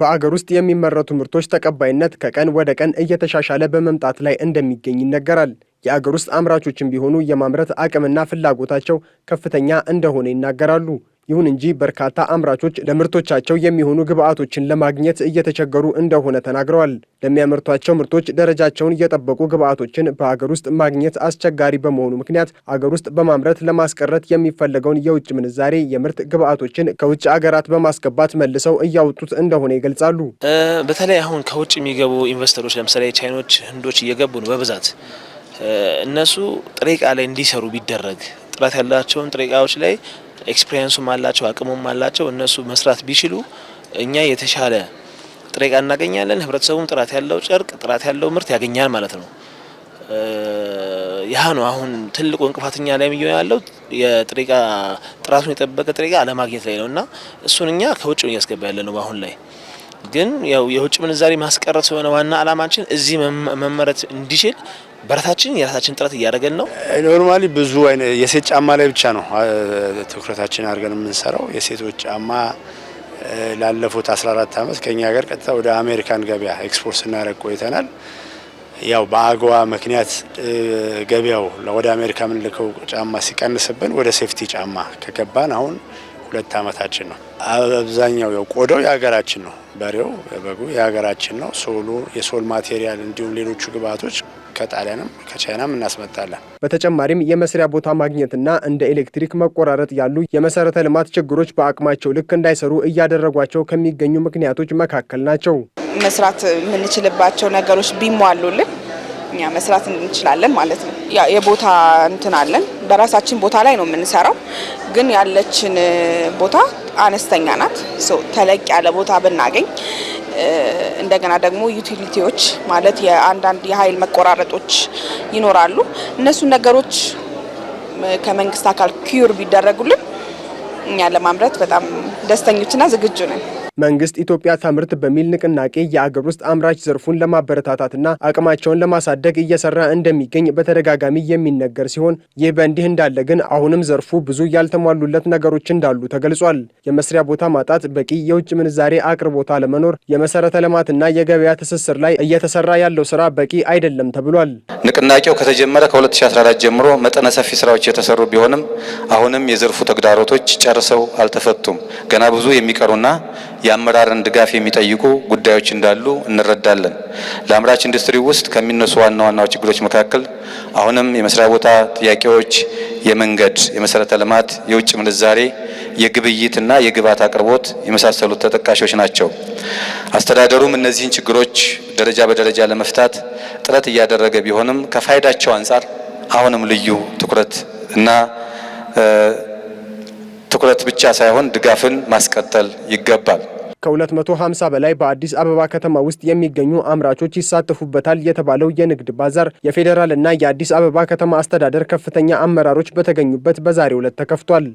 በአገር ውስጥ የሚመረቱ ምርቶች ተቀባይነት ከቀን ወደ ቀን እየተሻሻለ በመምጣት ላይ እንደሚገኝ ይነገራል። የአገር ውስጥ አምራቾችም ቢሆኑ የማምረት አቅምና ፍላጎታቸው ከፍተኛ እንደሆነ ይናገራሉ። ይሁን እንጂ በርካታ አምራቾች ለምርቶቻቸው የሚሆኑ ግብዓቶችን ለማግኘት እየተቸገሩ እንደሆነ ተናግረዋል። ለሚያመርቷቸው ምርቶች ደረጃቸውን እየጠበቁ ግብዓቶችን በአገር ውስጥ ማግኘት አስቸጋሪ በመሆኑ ምክንያት አገር ውስጥ በማምረት ለማስቀረት የሚፈለገውን የውጭ ምንዛሬ የምርት ግብዓቶችን ከውጭ አገራት በማስገባት መልሰው እያወጡት እንደሆነ ይገልጻሉ። በተለይ አሁን ከውጭ የሚገቡ ኢንቨስተሮች ለምሳሌ ቻይኖች፣ ህንዶች እየገቡ ነው በብዛት እነሱ ጥሬ ዕቃ ላይ እንዲሰሩ ቢደረግ ጥራት ያላቸውን ጥሬ እቃዎች ላይ ኤክስፔሪንሱም አላቸው አቅሙም አላቸው። እነሱ መስራት ቢችሉ እኛ የተሻለ ጥሬ እቃ እናገኛለን። ህብረተሰቡም ጥራት ያለው ጨርቅ፣ ጥራት ያለው ምርት ያገኛል ማለት ነው። ያህ ነው አሁን ትልቁ እንቅፋትኛ ላይ የሚሆን ያለው የጥሬ እቃ ጥራቱን የጠበቀ ጥሬ እቃ አለማግኘት ላይ ነው እና እሱን እኛ ከውጭ እያስገባ ያለ ነው አሁን ላይ ግን ያው የውጭ ምንዛሪ ማስቀረት ስለሆነ ዋና አላማችን እዚህ መመረት እንዲችል በራሳችን የራሳችን ጥረት እያደረገን ነው። ኖርማሊ ብዙ የሴት ጫማ ላይ ብቻ ነው ትኩረታችን አድርገን የምንሰራው። የሴቶች ጫማ ላለፉት 14 ዓመት ከኛ ሀገር ቀጥታ ወደ አሜሪካን ገበያ ኤክስፖርት ስናደርግ ቆይተናል። ያው በአገዋ ምክንያት ገበያው ወደ አሜሪካ የምንልከው ጫማ ሲቀንስብን ወደ ሴፍቲ ጫማ ከገባን አሁን ሁለት ዓመታችን ነው። አብዛኛው ያው ቆዳው የሀገራችን ነው፣ በሬው በጉ የሀገራችን ነው። ሶሉ የሶል ማቴሪያል እንዲሁም ሌሎቹ ግብአቶች ከጣሊያንም ከቻይናም እናስመጣለን። በተጨማሪም የመስሪያ ቦታ ማግኘትና እንደ ኤሌክትሪክ መቆራረጥ ያሉ የመሰረተ ልማት ችግሮች በአቅማቸው ልክ እንዳይሰሩ እያደረጓቸው ከሚገኙ ምክንያቶች መካከል ናቸው። መስራት የምንችልባቸው ነገሮች ቢሟሉልን እኛ መስራት እንችላለን ማለት ነው። የቦታ እንትን አለን። በራሳችን ቦታ ላይ ነው የምንሰራው፣ ግን ያለችን ቦታ አነስተኛ ናት። ተለቅ ያለ ቦታ ብናገኝ እንደገና ደግሞ ዩቲሊቲዎች ማለት የአንዳንድ የኃይል መቆራረጦች ይኖራሉ። እነሱን ነገሮች ከመንግስት አካል ኪዩር ቢደረጉልን እኛ ለማምረት በጣም ደስተኞችና ዝግጁ ነን። መንግስት ኢትዮጵያ ታምርት በሚል ንቅናቄ የአገር ውስጥ አምራች ዘርፉን ለማበረታታትና አቅማቸውን ለማሳደግ እየሰራ እንደሚገኝ በተደጋጋሚ የሚነገር ሲሆን ይህ በእንዲህ እንዳለ ግን አሁንም ዘርፉ ብዙ ያልተሟሉለት ነገሮች እንዳሉ ተገልጿል። የመስሪያ ቦታ ማጣት፣ በቂ የውጭ ምንዛሬ አቅርቦት አለመኖር፣ የመሰረተ ልማትና የገበያ ትስስር ላይ እየተሰራ ያለው ስራ በቂ አይደለም ተብሏል። ንቅናቄው ከተጀመረ ከ2014 ጀምሮ መጠነ ሰፊ ስራዎች የተሰሩ ቢሆንም አሁንም የዘርፉ ተግዳሮቶች ጨርሰው አልተፈቱም። ገና ብዙ የሚቀሩና የአመራርን ድጋፍ የሚጠይቁ ጉዳዮች እንዳሉ እንረዳለን። ለአምራች ኢንዱስትሪ ውስጥ ከሚነሱ ዋና ዋና ችግሮች መካከል አሁንም የመስሪያ ቦታ ጥያቄዎች፣ የመንገድ፣ የመሰረተ ልማት፣ የውጭ ምንዛሬ፣ የግብይትና የግብዓት አቅርቦት የመሳሰሉት ተጠቃሾች ናቸው። አስተዳደሩም እነዚህን ችግሮች ደረጃ በደረጃ ለመፍታት ጥረት እያደረገ ቢሆንም ከፋይዳቸው አንጻር አሁንም ልዩ ትኩረት እና ትኩረት ብቻ ሳይሆን ድጋፍን ማስቀጠል ይገባል። ከ250 በላይ በአዲስ አበባ ከተማ ውስጥ የሚገኙ አምራቾች ይሳተፉበታል የተባለው የንግድ ባዛር የፌዴራልና የአዲስ አበባ ከተማ አስተዳደር ከፍተኛ አመራሮች በተገኙበት በዛሬው ዕለት ተከፍቷል።